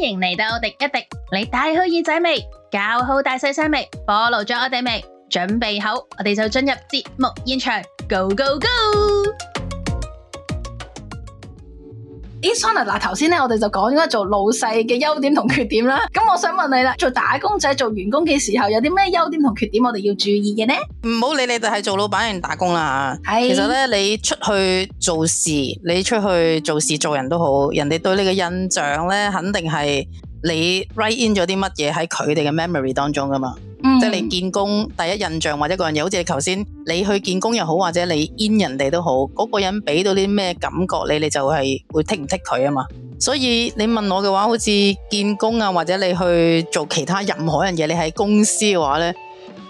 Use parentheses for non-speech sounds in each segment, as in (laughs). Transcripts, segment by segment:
歡迎嚟到廸一廸，你帶好耳仔未？搞好大細聲未？暴露咗我哋未？準備好，我哋就進入節目現場，Go Go Go！誒，sona，嗱，頭先咧我哋就講咗做老細嘅優點同缺點啦。咁我想問你啦，做打工仔、做員工嘅時候有啲咩優點同缺點我哋要注意嘅呢？唔好理你哋，係做老闆定打工啦吓。是其實咧，你出去做事，你出去做事做人都好，人哋對你嘅印象咧，肯定係你 write in 咗啲乜嘢喺佢哋嘅 memory 當中噶嘛。即係你見工第一印象或者個人嘢，好似你頭先你去見工又好，或者你 in 人哋都好，嗰個人俾到啲咩感覺你，你就係會剔唔剔佢啊嘛。所以你問我嘅話，好似見工啊，或者你去做其他任何人嘢，你喺公司嘅話呢，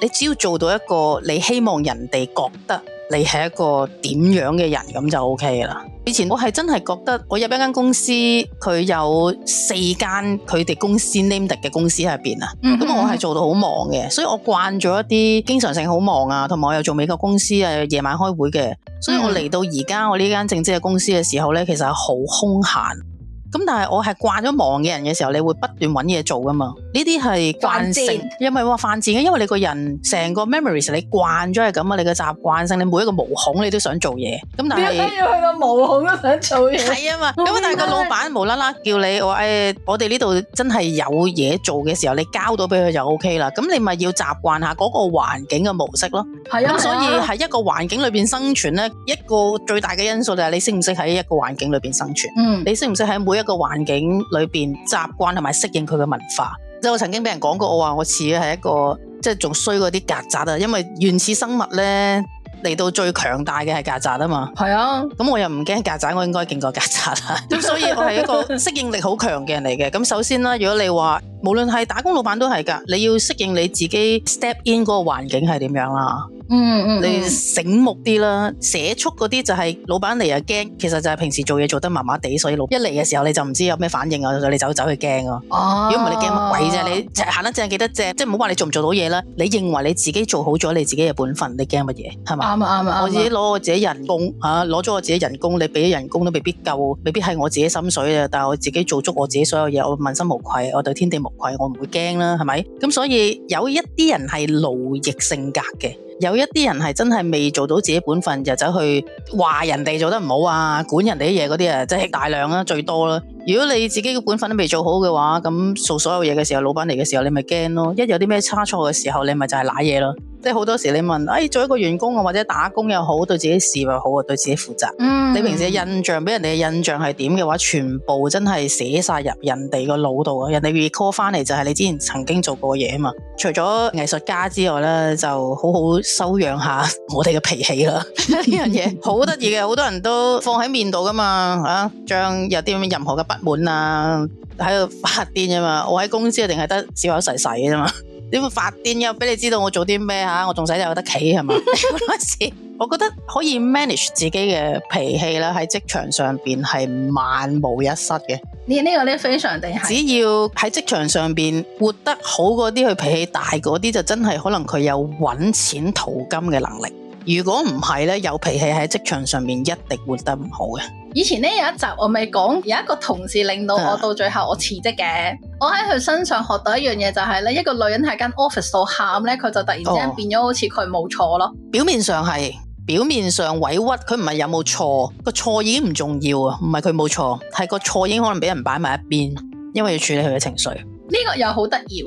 你只要做到一個你希望人哋覺得。你係一個點樣嘅人咁就 O K 啦。以前我係真係覺得我入一間公司，佢有四間佢哋公司 n a m e 嘅公司喺入邊啊。咁、嗯、哼我係做到好忙嘅，所以我慣咗一啲經常性好忙啊，同埋我又做美國公司啊，夜晚開會嘅。所以我嚟到而家我呢間正職嘅公司嘅時候呢，其實係好空閒。咁但係我係慣咗忙嘅人嘅時候，你會不斷揾嘢做㗎嘛？呢啲係慣性，又唔係話犯賤嘅，因為你個人成個 memories 你慣咗係咁啊，你嘅習慣性，你每一個毛孔你都想做嘢。咁但係點解要去個毛孔都想做嘢？係啊嘛。咁但係個老闆無啦啦叫你，我誒，我哋呢度真係有嘢做嘅時候，你交到俾佢就 OK 啦。咁你咪要習慣下嗰個環境嘅模式咯。係啊，所以喺一個環境裏邊生存呢，一個最大嘅因素就係你識唔識喺一個環境裏邊生存。嗯，你識唔識喺每一個環境裏邊，習慣同埋適應佢嘅文化。即係我曾經俾人講過，我話我似係一個，即係仲衰過啲曱甴啦。因為原始生物咧嚟，到最強大嘅係曱甴啊嘛。係啊，咁我又唔驚曱甴，我應該勁過曱甴啦。咁 (laughs) 所以我係一個適應力好強嘅人嚟嘅。咁首先啦，如果你話無論係打工老闆都係噶，你要適應你自己 step in 嗰個環境係點樣啦。嗯，嗯，你醒目啲啦，寫速嗰啲就係老闆嚟啊驚。其實就係平時做嘢做得麻麻地，所以老闆一嚟嘅時候你就唔知有咩反應啊。就你走走去驚啊。哦、啊，如果唔係你驚乜鬼啫？你行得正記得正，即係唔好話你做唔做到嘢啦。你認為你自己做好咗你自己嘅本分，你驚乜嘢係嘛？啱啊啱啱！啊啊、我自己攞我自己人工嚇，攞、啊、咗我自己人工，你俾咗人工都未必夠，未必係我自己心水啊。但係我自己做足我自己所有嘢，我問心無愧，我對天地無愧，我唔會驚啦。係咪咁？所以有一啲人係奴役性格嘅。有一啲人係真係未做到自己本分，就走去話人哋做得唔好啊，管人哋啲嘢嗰啲啊，即係大量啦，最多啦。如果你自己嘅本分都未做好嘅話，咁做所有嘢嘅時候，老闆嚟嘅時候，你咪驚咯。一有啲咩差錯嘅時候，你咪就係瀨嘢咯。即係好多時你問，誒，做一個員工啊，或者打工又好，對自己事業好啊，對自己負責。嗯。你平時嘅印象，俾人哋嘅印象係點嘅話，全部真係寫晒入人哋個腦度啊！人哋 recall 翻嚟就係你之前曾經做過嘢啊嘛。除咗藝術家之外咧，就好好修養下我哋嘅脾氣啦。呢樣嘢好得意嘅，好多人都放喺面度噶嘛，吓將有啲任何嘅不。滿啊，喺度發癲啫嘛！我喺公司一定係得笑口噬噬啫嘛。你點發癲又俾你知道我做啲咩吓？我仲使有得企係嘛？嗰陣時，我覺得可以 manage 自己嘅脾氣啦。喺職場上邊係萬無一失嘅。你呢個咧非常定係，只要喺職場上邊活得好嗰啲，佢脾氣大嗰啲就真係可能佢有搵錢淘金嘅能力。如果唔係咧，有脾氣喺職場上面一定活得唔好嘅。以前呢，有一集我咪講，有一個同事令到我到最後我辭職嘅。啊、我喺佢身上學到一樣嘢就係、是、呢一個女人喺間 office 度喊呢，佢就突然之間變咗好似佢冇錯咯。哦、表面上係，表面上委屈，佢唔係有冇錯，個錯已經唔重要啊，唔係佢冇錯，係個錯已經可能俾人擺埋一邊，因為要處理佢嘅情緒。呢個又好得意，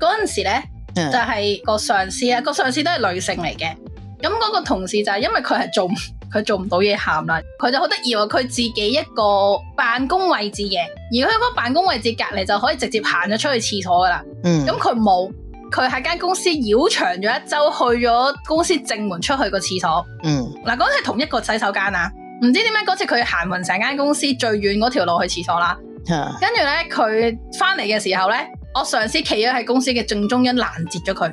嗰陣時咧就係、是、個上司啊，嗯、個上司都係女性嚟嘅。咁嗰個同事就係因為佢係做佢做唔到嘢，喊啦，佢就好得意話佢自己一個辦公位置嘅，而喺嗰個辦公位置隔籬就可以直接行咗出去廁所噶啦。嗯，咁佢冇，佢喺間公司繞長咗一周去咗公司正門出去個廁所。嗯，嗱，嗰次係同一個洗手間啊，唔知點解嗰次佢行匀成間公司最遠嗰條路去廁所啦。啊、跟住咧，佢翻嚟嘅時候咧，我上司企咗喺公司嘅正中央攔截咗佢。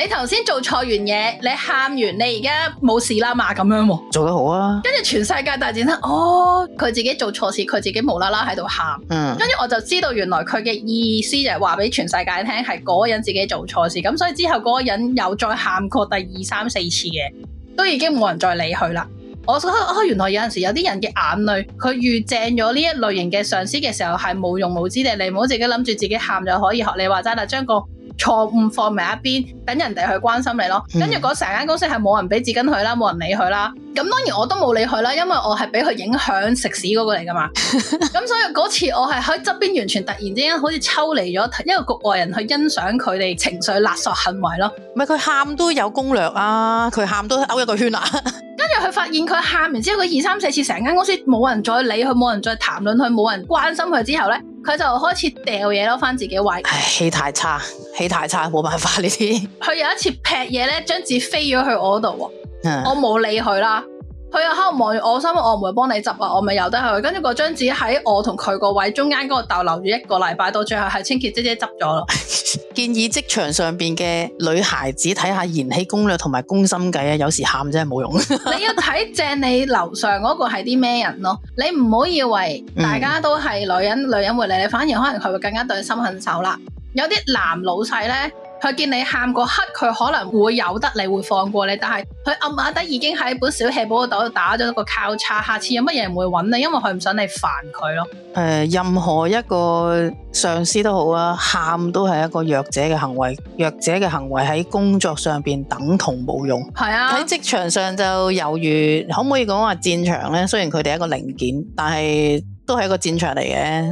你頭先做錯完嘢，你喊完，你而家冇事啦嘛咁樣喎、哦，做得好啊！跟住全世界大戰啦，哦，佢自己做錯事，佢自己無啦啦喺度喊，嗯，跟住我就知道原來佢嘅意思就係話俾全世界聽係嗰個人自己做錯事，咁所以之後嗰個人又再喊過第二三四次嘅，都已經冇人再理佢啦。我覺得、哦、原來有陣時有啲人嘅眼淚，佢遇正咗呢一類型嘅上司嘅時候係無用無知嘅，你唔好自己諗住自己喊就可以。學你話齋啦，將個錯誤放埋一邊，等人哋去關心你咯。跟住嗰成間公司係冇人俾紙巾佢啦，冇人理佢啦。咁當然我都冇理佢啦，因為我係俾佢影響食屎嗰個嚟㗎嘛。咁、 (laughs) 嗯、所以嗰次我係喺側邊，完全突然之間好似抽離咗，一個局外人去欣賞佢哋情緒勒索行為咯。唔係佢喊都有攻略啊，佢喊都勾一個圈啦。跟住佢發現佢喊完之後，佢二三四次成間公司冇人再理佢，冇人再談論佢，冇人關心佢之後咧。佢就開始掉嘢咯，返自己位。唉，氣太差，氣太差，冇辦法呢啲。佢有一次劈嘢咧，張紙飛咗去我度喎，嗯、我冇理佢啦。佢又喺度望住我，心，我唔會幫你執啊，我咪由得佢。跟住嗰張紙喺我同佢個位中間嗰個逗留住一個禮拜，到最後係清潔姐姐執咗咯。 (laughs) 建議職場上邊嘅女孩子睇下《看看延禧攻略》同埋《攻心計》啊，有時喊真係冇用。 (laughs) 你要睇正你樓上嗰個係啲咩人咯，你唔好以為大家都係女人，嗯、女人嚟你，反而可能佢會更加對心狠手辣。有啲男老細咧。佢見你喊個刻，佢可能會有得你會放過你，但係佢暗下得已經喺本小氣簿嗰度打咗個交叉，下次有乜嘢唔會揾你，因為佢唔想你煩佢咯。誒，任何一個上司都好啊，喊都係一個弱者嘅行為，弱者嘅行為喺工作上邊等同冇用。係啊，喺職場上就猶如可唔可以講話戰場呢？雖然佢哋係一個零件，但係。都係一個戰場嚟嘅，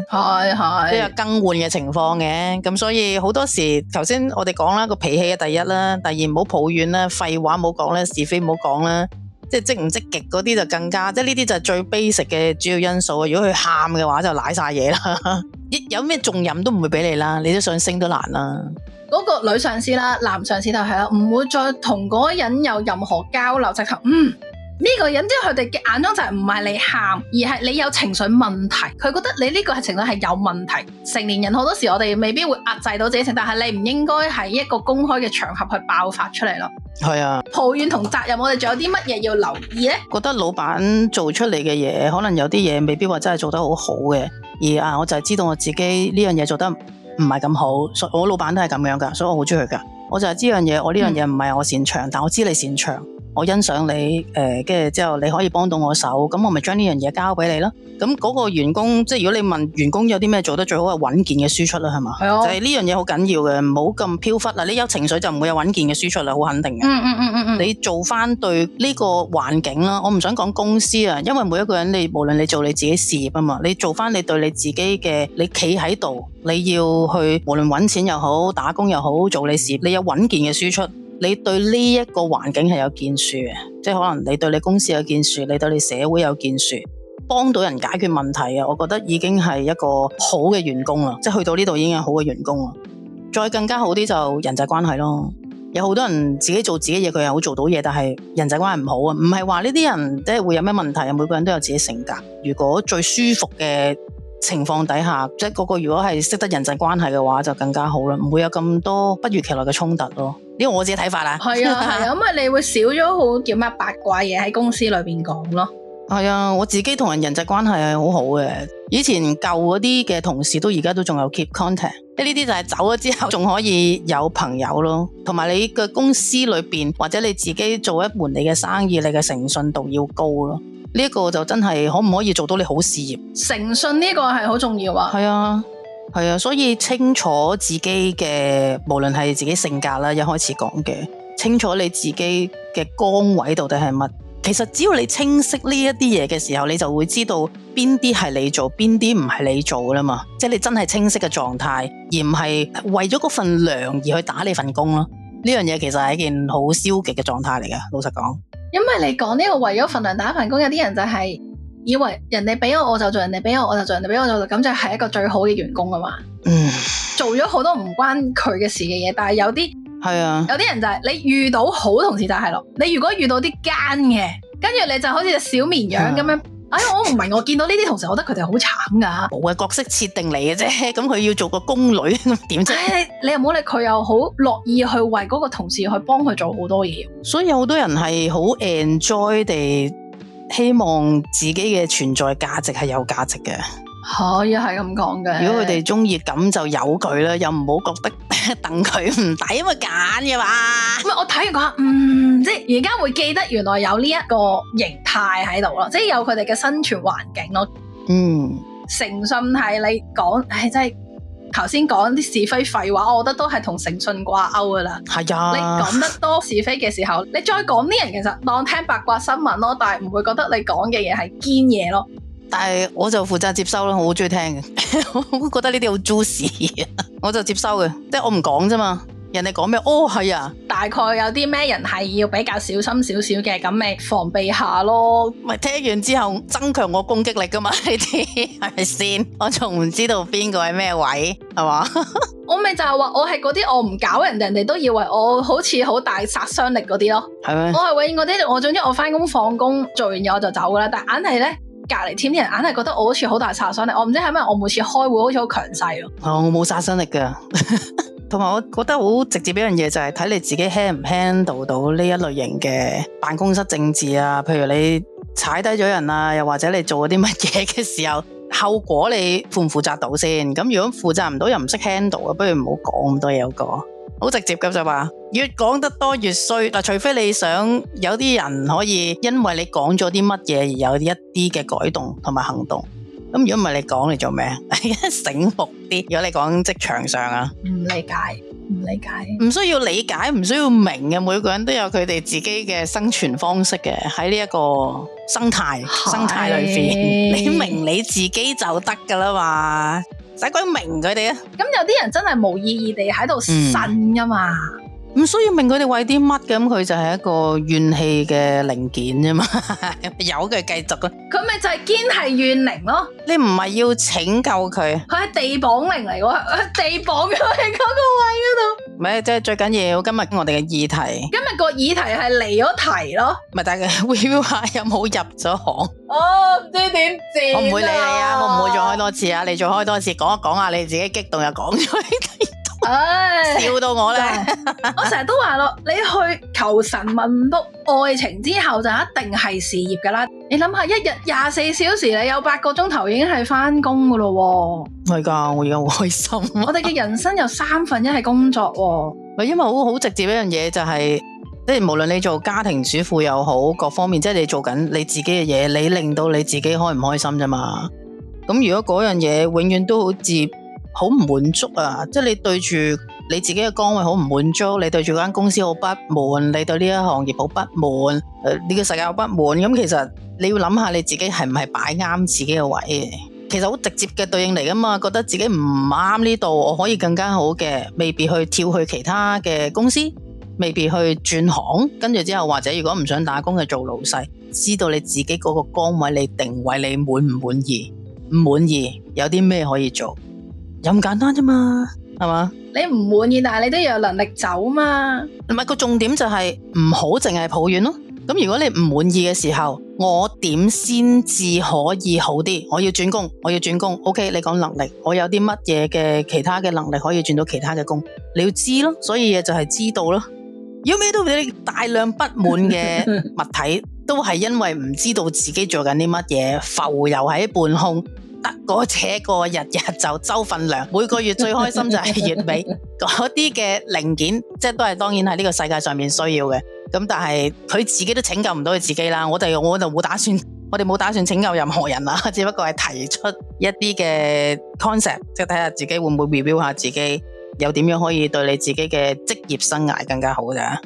即係更換嘅情況嘅，咁所以好多時頭先我哋講啦，個脾氣嘅第一啦，第二唔好抱怨啦，廢話唔好講啦，是非唔好講啦，即係積唔積極嗰啲就更加，即係呢啲就最 basic 嘅主要因素啊！如果佢喊嘅話就瀨晒嘢啦，一 (laughs) 有咩重任都唔會俾你啦，你都想升都難啦。嗰個女上司啦，男上司就係啦，唔會再同嗰個人有任何交流，就係嗯。呢個人即係佢哋嘅眼中就係唔係你喊，而係你有情緒問題。佢覺得你呢個係情緒係有問題。成年人好多時我哋未必會壓制到自己，但係你唔應該喺一個公開嘅場合去爆發出嚟咯。係啊，抱怨同責任，我哋仲有啲乜嘢要留意咧？覺得老闆做出嚟嘅嘢，可能有啲嘢未必話真係做得好好嘅。而啊，我就係知道我自己呢樣嘢做得唔係咁好。所以我老闆都係咁樣噶，所以我好中意佢噶。我就係呢樣嘢，我呢樣嘢唔係我擅長，嗯、但我知你擅長。我欣賞你，誒、呃，跟住之後你可以幫到我手，咁我咪將呢樣嘢交俾你咯。咁嗰個員工，即係如果你問員工有啲咩做得最好，係穩健嘅輸出啦，係嘛？係啊、哦。就係呢樣嘢好緊要嘅，唔好咁飄忽啦。你有情緒就唔會有穩健嘅輸出啦，好肯定嘅。嗯嗯嗯嗯嗯。你做翻對呢個環境啦，我唔想講公司啊，因為每一個人你無論你做你自己事業啊嘛，你做翻你對你自己嘅，你企喺度，你要去無論搵錢又好，打工又好，做你事業，你有穩健嘅輸出。你對呢一個環境係有建樹嘅，即係可能你對你公司有建樹，你對你社會有建樹，幫到人解決問題啊！我覺得已經係一個好嘅員工啦，即係去到呢度已經係好嘅員工啦。再更加好啲就人際關係咯。有好多人自己做自己嘢，佢又好做到嘢，但係人際關係唔好啊。唔係話呢啲人即係會有咩問題啊？每個人都有自己性格，如果最舒服嘅，情況底下，即係個個如果係識得人際關係嘅話，就更加好啦，唔會有咁多不如其來嘅衝突咯。呢個我自己睇法啦。係 (laughs) 啊，係咁啊，你會少咗好叫咩八卦嘢喺公司裏邊講咯。係啊，我自己同人人際關係係好好嘅。以前舊嗰啲嘅同事都而家都仲有 keep contact，即呢啲就係走咗之後仲可以有朋友咯。同埋你嘅公司裏邊或者你自己做一門你嘅生意，你嘅誠信度要高咯。呢個就真係可唔可以做到你好事業？誠信呢個係好重要啊！係啊，係啊，所以清楚自己嘅，無論係自己性格啦，一開始講嘅，清楚你自己嘅崗位到底係乜？其實只要你清晰呢一啲嘢嘅時候，你就會知道邊啲係你做，邊啲唔係你做啦嘛。即係你真係清晰嘅狀態，而唔係為咗嗰份糧而去打你份工咯。呢樣嘢其實係一件好消極嘅狀態嚟嘅，老實講。因為你講呢個為咗份糧打一份工，有啲人就係以為人哋俾我我就做，人哋俾我我就做，人哋俾我我就做，咁就係一個最好嘅員工啊嘛。嗯。做咗好多唔關佢嘅事嘅嘢，但係有啲係啊，有啲人就係、是、你遇到好同事就係咯，你如果遇到啲奸嘅，跟住你就好似隻小綿羊咁樣。哎，我唔明，我見到呢啲同事，我覺得佢哋好慘噶，冇嘅角色設定嚟嘅啫，咁佢要做個宮女點啫、 (laughs) 哎？你又唔好理佢又好樂意去為嗰個同事去幫佢做好多嘢。所以有好多人係好 enjoy 地，希望自己嘅存在價值係有價值嘅。可以係咁講嘅。哦、如果佢哋中意咁就由佢啦，又唔好覺得戥佢唔抵，因為揀嘅嘛。唔、嗯、我睇完講，嗯，即係而家會記得原來有呢一個形態喺度咯，即係有佢哋嘅生存環境咯。嗯，誠信係你講，唉、哎，真係頭先講啲是非廢話，我覺得都係同誠信掛鈎噶啦。係啊呀，你講得多是非嘅時候，你再講啲人，其實當聽八卦新聞咯，但係唔會覺得你講嘅嘢係堅嘢咯。但係我就負責接收咯，我好中意聽嘅， (laughs) 我覺得呢啲好 juicy， (laughs) 我就接收嘅，即係我唔講啫嘛，人哋講咩？哦係啊，大概有啲咩人係要比較小心少少嘅，咁咪防備下咯。咪聽完之後增強我攻擊力噶嘛？呢啲係咪先？我仲唔知道邊個係咩位，係嘛？ (laughs) 我咪就係話我係嗰啲我唔搞人哋，人哋都以為我好似好大殺傷力嗰啲咯。係咩嗎？我係永遠嗰啲，我總之我翻工放工做完嘢我就走噶啦。但硬係咧。隔籬添啲人硬係覺得我好似好大殺傷力，我唔知係咩，我每次開會好似好強勢咯。哦，我冇殺傷力㗎，同 (laughs) 埋我覺得好直接。一樣嘢，就係睇你自己 handle 唔 handle 到呢一類型嘅辦公室政治啊，譬如你踩低咗人啊，又或者你做咗啲乜嘢嘅時候，後果你負唔負責到先？咁如果負責唔到又唔識 handle，不如唔好講咁多嘢好過。好直接咁就話，越講得多越衰。嗱，除非你想有啲人可以因為你講咗啲乜嘢而有一啲嘅改動同埋行動，咁如果唔係你講嚟做咩？ (laughs) 醒目啲，如果你講職場上啊，唔理解，唔理解，唔需要理解，唔需要明嘅，每個人都有佢哋自己嘅生存方式嘅，喺呢一個生態生態裏邊，是你明你自己就得㗎喇嘛。使鬼明佢哋啊！咁有啲人真係無意義地喺度呻啊嘛～咁所以明佢哋為啲乜嘅？咁佢就係一個怨氣嘅零件啫嘛 (laughs) 有嘅繼續啊！佢咪就係堅係怨靈咯？你唔係要拯救佢？佢係地綁靈嚟，我地綁佢喺嗰個位嗰度。唔係，即係最緊要今日我哋嘅議題。今日個議題係離咗題咯。咪，係，但係 review 下有冇入咗行？哦啊、我唔知點。我唔會理你啊！我唔會再開多次啊！你再開多次講一講啊！你自己激動又講咗。哎、笑到我咧！ (laughs) 我成日都話咯，你去求神問卜愛情之後就一定係事業噶啦！你諗下，一日廿四小時，你有八個鐘頭已經係翻工噶咯，係噶！我而家好開心。我哋嘅人生有三分一係工作，咪 (laughs) 因為好好直接一樣嘢就係、是，即係無論你做家庭主婦又好，各方面即係、就是、你做緊你自己嘅嘢，你令到你自己開唔開心啫嘛。咁如果嗰樣嘢永遠都好似。好唔滿足啊！即係你對住你自己嘅崗位好唔滿足，你對住間公司好不滿，你對呢一行業好不滿，誒，呢個世界好不滿。咁其實你要諗下你自己係唔係擺啱自己嘅位嘅？其實好直接嘅對應嚟噶嘛，覺得自己唔啱呢度，我可以更加好嘅，未必去跳去其他嘅公司，未必去轉行，跟住之後或者如果唔想打工嘅做老細，知道你自己嗰個崗位你定位你滿唔滿意？唔滿意有啲咩可以做？咁簡單啫嘛，係嘛？你唔滿意，但係你都有能力走嘛。唔係，個重點就係、是、唔好淨係抱怨咯。咁如果你唔滿意嘅時候，我點先至可以好啲？我要轉工，我要轉工。OK，你講能力，我有啲乜嘢嘅其他嘅能力可以轉到其他嘅工？你要知咯。所以嘢就係知道咯。要有咩都俾大量不滿嘅物體， (laughs) 都係因為唔知道自己做緊啲乜嘢，浮游喺半空。嗰者個日日就周份糧，每個月最開心就係月尾。嗰啲嘅零件，即係都係當然係呢個世界上面需要嘅。咁但係佢自己都拯救唔到佢自己啦。我哋我就冇打算，我哋冇打算拯救任何人啦。只不過係提出一啲嘅 concept，即係睇下自己會唔會 review 下自己，有點樣可以對你自己嘅職業生涯更加好咋。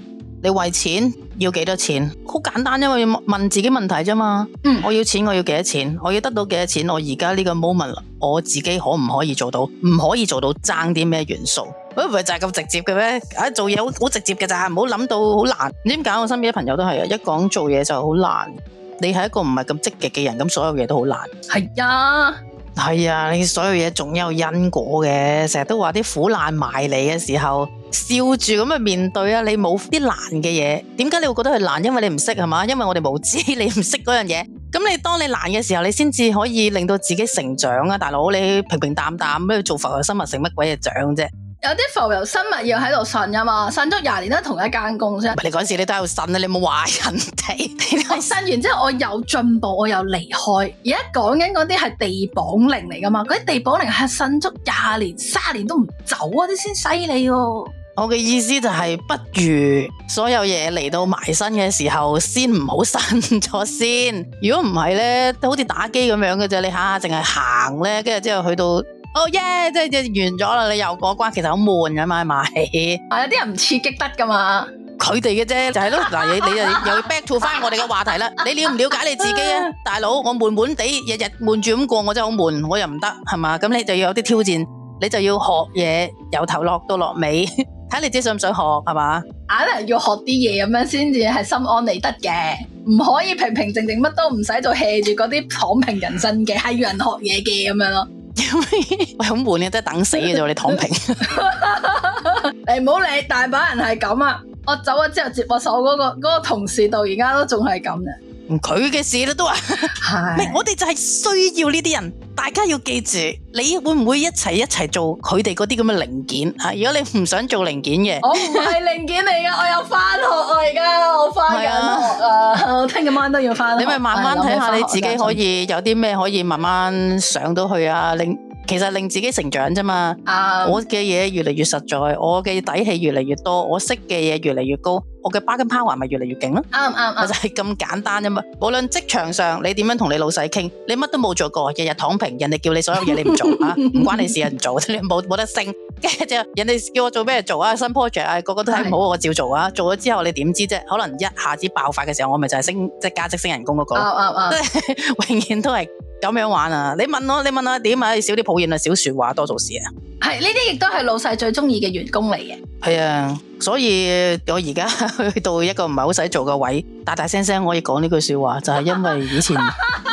你為錢要幾多錢？好簡單，因為要問自己問題啫嘛。嗯、我要錢，我要幾多錢？我要得到幾多錢？我而家呢個 moment，我自己可唔可以做到？唔可以做到，爭啲咩元素？喂、哎，唔係就係咁直接嘅咩？啊，做嘢好好直接嘅咋，唔好諗到好難。唔知點解我身邊嘅朋友都係啊，一講做嘢就好難。你係一個唔係咁積極嘅人，咁所有嘢都好難。係呀，係呀，你所有嘢總有因果嘅。成日都話啲苦難埋你嘅時候。笑住咁去面對啊！你冇啲難嘅嘢，點解你會覺得佢難？因為你唔識係嘛？因為我哋無知，你唔識嗰樣嘢。咁你當你難嘅時候，你先至可以令到自己成長啊！大佬，你平平淡淡咩做浮游生物，食乜鬼嘢獎啫？有啲浮游生物要喺度呻啊嘛，呻足廿年都同一間公司。你嗰時你都喺度呻啊！你冇話人哋，你呻完之後我有進步，我有離開。而家講緊嗰啲係地縛靈嚟㗎嘛？嗰啲地縛靈係呻足廿年、卅年都唔走啊。啲先犀利喎。我嘅意思就係、是，不如所有嘢嚟到埋身嘅時候，先唔好呻咗先。如果唔係呢，好似打機咁樣嘅啫，你下下淨係行呢，跟住之後去到，哦耶，即係完咗啦，你又過關，其實好悶嘅嘛係咪、啊？有啊，啲人唔刺激得噶嘛。佢哋嘅啫，就係、是、咯。嗱， (laughs) 你又要 back to (laughs) 返我哋嘅話題啦。你了唔了解你自己啊， (laughs) 大佬？我悶悶地，日日悶住咁過，我真係好悶，我又唔得，係嘛？咁你就要有啲挑戰。你就要學嘢，由頭落到落尾，睇你自己想唔想學係嘛？硬係要學啲嘢咁樣先至係心安理得嘅，唔可以平平靜靜乜都唔使做 hea 住嗰啲躺平人生嘅，係要人學嘢嘅咁樣咯。 (laughs) 喂，好悶啊，真係等死嘅啫，你躺平。 (laughs) (laughs) 你唔好理，大把人係咁啊！我走咗之後接我手嗰、嗰個、嗰個同事到而家都仲係咁嘅。佢嘅事啦，都話，係我哋就係需要呢啲人。大家要記住，你會唔會一齊一齊做佢哋嗰啲咁嘅零件？如果你唔想做零件嘅， (laughs) 我唔係零件嚟噶，我又翻學，我而家我翻緊學啊，聽日晚都要翻。你咪慢慢睇下，你自己可以有啲咩可以慢慢上到去啊。令其實令自己成長啫嘛。Um, 我嘅嘢越嚟越實在，我嘅底氣越嚟越多，我識嘅嘢越嚟越高。我嘅 bargain power 咪越嚟越勁咧？啱啱啱就係咁簡單啫嘛！無論職場上你點樣同你老細傾，你乜都冇做過，日日躺平，人哋叫你所有嘢你唔做 (laughs) 啊，唔關你事啊，唔做，你冇得升？跟住就人哋叫我做咩做啊？新 project 啊，個個都睇唔好我，照做啊！做咗之後你點知啫？可能一下子爆發嘅時候，我咪就係升，即、就、係、是、加薪升人工嗰、那個。啱、um, um, um. 永遠都係。咁樣玩啊！你問我，你問我點啊？少啲抱怨啊，少說話，多做事啊。係呢啲亦都係老細最中意嘅員工嚟嘅。係啊，所以我而家去到一個唔係好使做嘅位，大大聲聲可以講呢句說話，就係、是、因為以前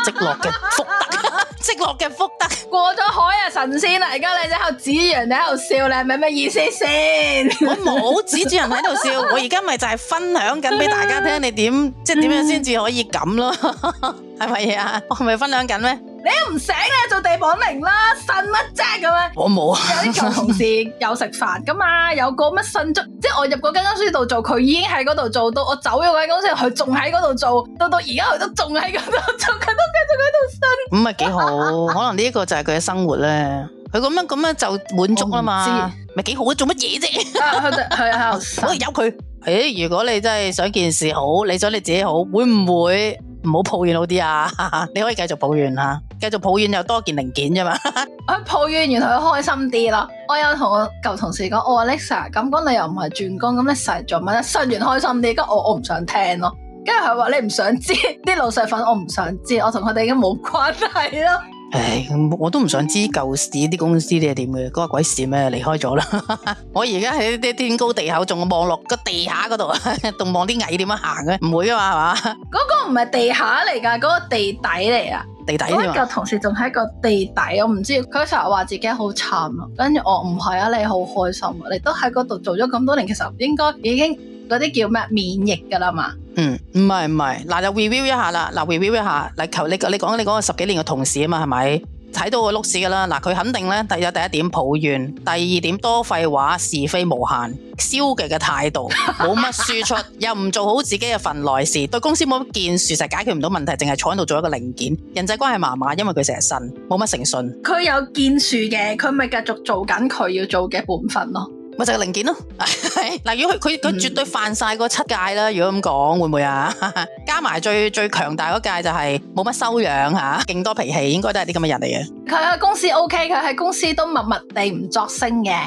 積落嘅福德，積 (laughs) (laughs) 落嘅福德過咗海啊，神仙啦！而家你喺度指住人，你喺度笑你，係咪咩意思先？我冇指住人喺度笑， (laughs) 我而家咪就係分享緊俾大家聽你，你點 (laughs) 即係點樣先至可以咁咯？ (laughs) 係咪啊？我係咪分享緊咩？你都唔醒啊？做地磅零啦，呻乜啫咁樣？我冇啊！有啲舊同事有食飯噶嘛？有過乜新足？即係我入過間公司度做，佢已經喺嗰度做到，我走咗間公司，佢仲喺嗰度做，到到而家佢都仲喺嗰度做，佢都繼續喺度呻。唔係幾好？可能呢一個就係佢嘅生活咧。佢咁樣咁樣就滿足啦嘛？咪幾好啊？做乜嘢啫？係啊係啊， (laughs) 我佢。誒，如果你真係想件事好，你想你自己好，會唔會唔好抱怨好啲啊？ (laughs) 你可以繼續抱怨啊，繼續抱怨又多件零件啫嘛。我抱怨完佢開心啲咯。我有同我舊同事講，我話，Oh, Alexa 咁講你又唔係轉工，咁你成日做乜咧？順完開心啲，跟住我我唔想聽咯。跟住佢話你唔想知，啲 (laughs) 老細粉我唔想知，我同佢哋已經冇關係咯。 (laughs) 唉，我都唔想知舊時啲公司你係點嘅，關、嗰個、鬼事咩？離開咗啦！ (laughs) 我而家喺啲天高地厚，仲望落個地下嗰度，仲望啲蟻點樣行嘅？唔會啊嘛，係嘛？嗰個唔係地下嚟㗎，嗰個地底嚟啊！地底添啊！個同事仲喺一個地底，我唔知。佢成日話自己好慘啊，跟住我唔係啊，你好開心啊！你都喺嗰度做咗咁多年，其實應該已經。嗰啲叫咩？免疫噶啦嘛？嗯，唔係唔係，嗱就 review 一下啦，嗱 review 一下，嗱求你你講你講個十幾年嘅同事啊嘛，係咪？睇到個碌屎噶啦，嗱佢肯定咧，第一第一點抱怨，第二點多廢話，是非無限，消極嘅態度，冇乜輸出， (laughs) 又唔做好自己嘅份內事，對公司冇乜建樹，實解決唔到問題，淨係坐喺度做一個零件，人際關係麻麻，因為佢成日信，冇乜誠信。佢有建樹嘅，佢咪繼續做緊佢要做嘅本分咯。咪就係零件咯，嗱如果佢佢佢絕對犯晒嗰七界啦，如果咁講會唔會啊？加埋最最強大嗰界就係冇乜修養吓，勁多脾氣，應該都係啲咁嘅人嚟嘅。佢喺公司 O K，佢喺公司都默默地唔作聲嘅。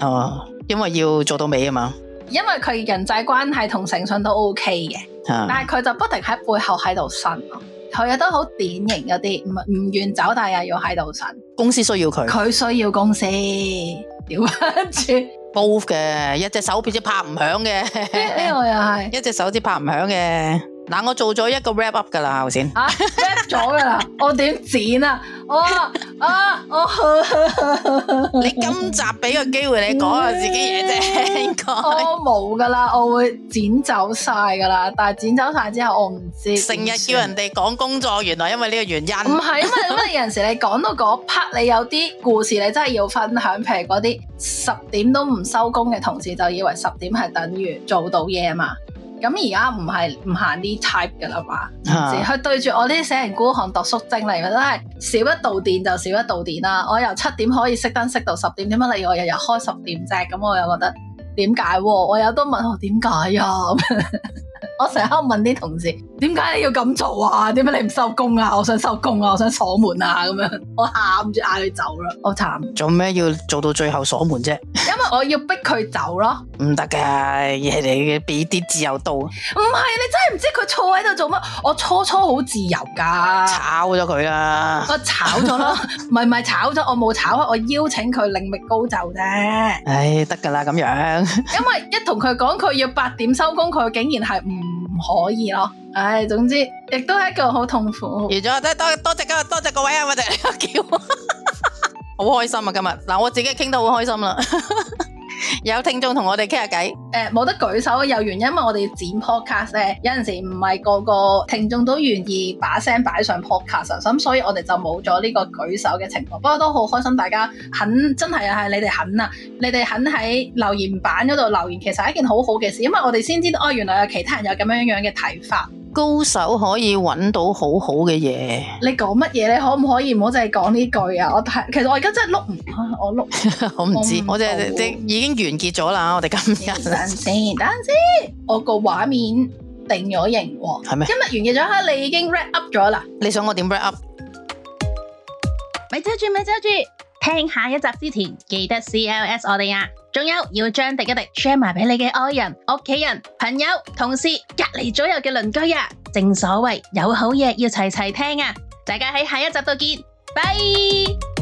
哦，因為要做到尾啊嘛。因為佢人際關係同誠信都 O K 嘅，但係佢就不停喺背後喺度呻咯。佢又都好典型，有啲唔願願走大，但係又要喺度呻，公司需要佢，佢需要公司，吊不住 both 嘅一隻手撇住拍唔響嘅，呢我又係一隻手指拍唔響嘅。嗱，啊、 (laughs) 我做咗一個 wrap up 噶啦，頭先。wrap 咗噶啦，我點剪啊？我啊，我、啊啊、 (laughs) 你今集俾個機會你講下自己嘢啫、。 (laughs) 啊，我冇噶啦，我會剪走晒噶啦，但係剪走晒之後我唔知。成日叫人哋講工作，原來因為呢個原因。唔係，因為有陣時你講到嗰 part，你有啲故事你真係要分享，譬如嗰啲十點都唔收工嘅同事，就以為十點係等於做到嘢嘛。咁而家唔係唔限啲 type 嘅啦嘛，佢、uh huh. 對住我呢啲死人孤寒讀書精嚟嘅，真係少一度電就少一度電啦、啊。我由七點可以熄燈熄到十點，點解你我日日開十點啫？咁我又覺得點解、啊？我有都問我點解啊？ (laughs) 我成日問啲同事，點解你要咁做啊？點解你唔收工啊？我想收工啊！我想鎖門啊！咁樣，我喊住嗌你走啦，我慘！做咩要做到最後鎖門啫？因為我要逼佢走咯，唔得噶，你俾啲自由度。唔係，你真係唔知佢坐喺度做乜？我初初好自由噶，炒咗佢啦，我炒咗咯，唔係唔係炒咗，我冇炒，我邀請佢另覓高就啫。唉，得噶啦，咁樣。 (laughs) 因為一同佢講佢要八點收工，佢竟然係唔。唔可以咯，唉、哎，總之亦都係一個好痛苦完。而家都多多謝個多謝各位啊，我哋嚟 call 我，好開心啊今日，嗱我自己傾到好開心啦、啊。 (laughs) 有聽眾同我哋傾下偈，誒、欸，冇得舉手，有原因，因為我哋剪 podcast，有陣時唔係個個聽眾都願意把聲擺上 podcast，咁所以我哋就冇咗呢個舉手嘅情況。不過都好開心，大家肯真係係你哋肯啊，你哋肯喺留言板嗰度留言，其實係一件好好嘅事，因為我哋先知道哦、哎，原來有其他人有咁樣樣嘅睇法。高手可以揾到好好嘅嘢。你講乜嘢？你可唔可以唔好淨係講呢句啊？其實我而家真係碌唔，我碌， (laughs) 我唔知道，我就已經完結咗啦。我哋今日，等陣先，等陣先。我個畫面定咗型喎，係咩？今日完結咗啦，你已經 wrap up 咗啦。你想我點 wrap up？咪遮住，咪遮住。聽下一集之前，記得 CLS 我哋呀、啊。仲有要將廸一廸 share 埋俾你嘅愛人、屋企人、朋友、同事、隔籬左右嘅鄰居呀、啊！正所謂有好嘢要齊齊聽啊！大家喺下一集度見，拜。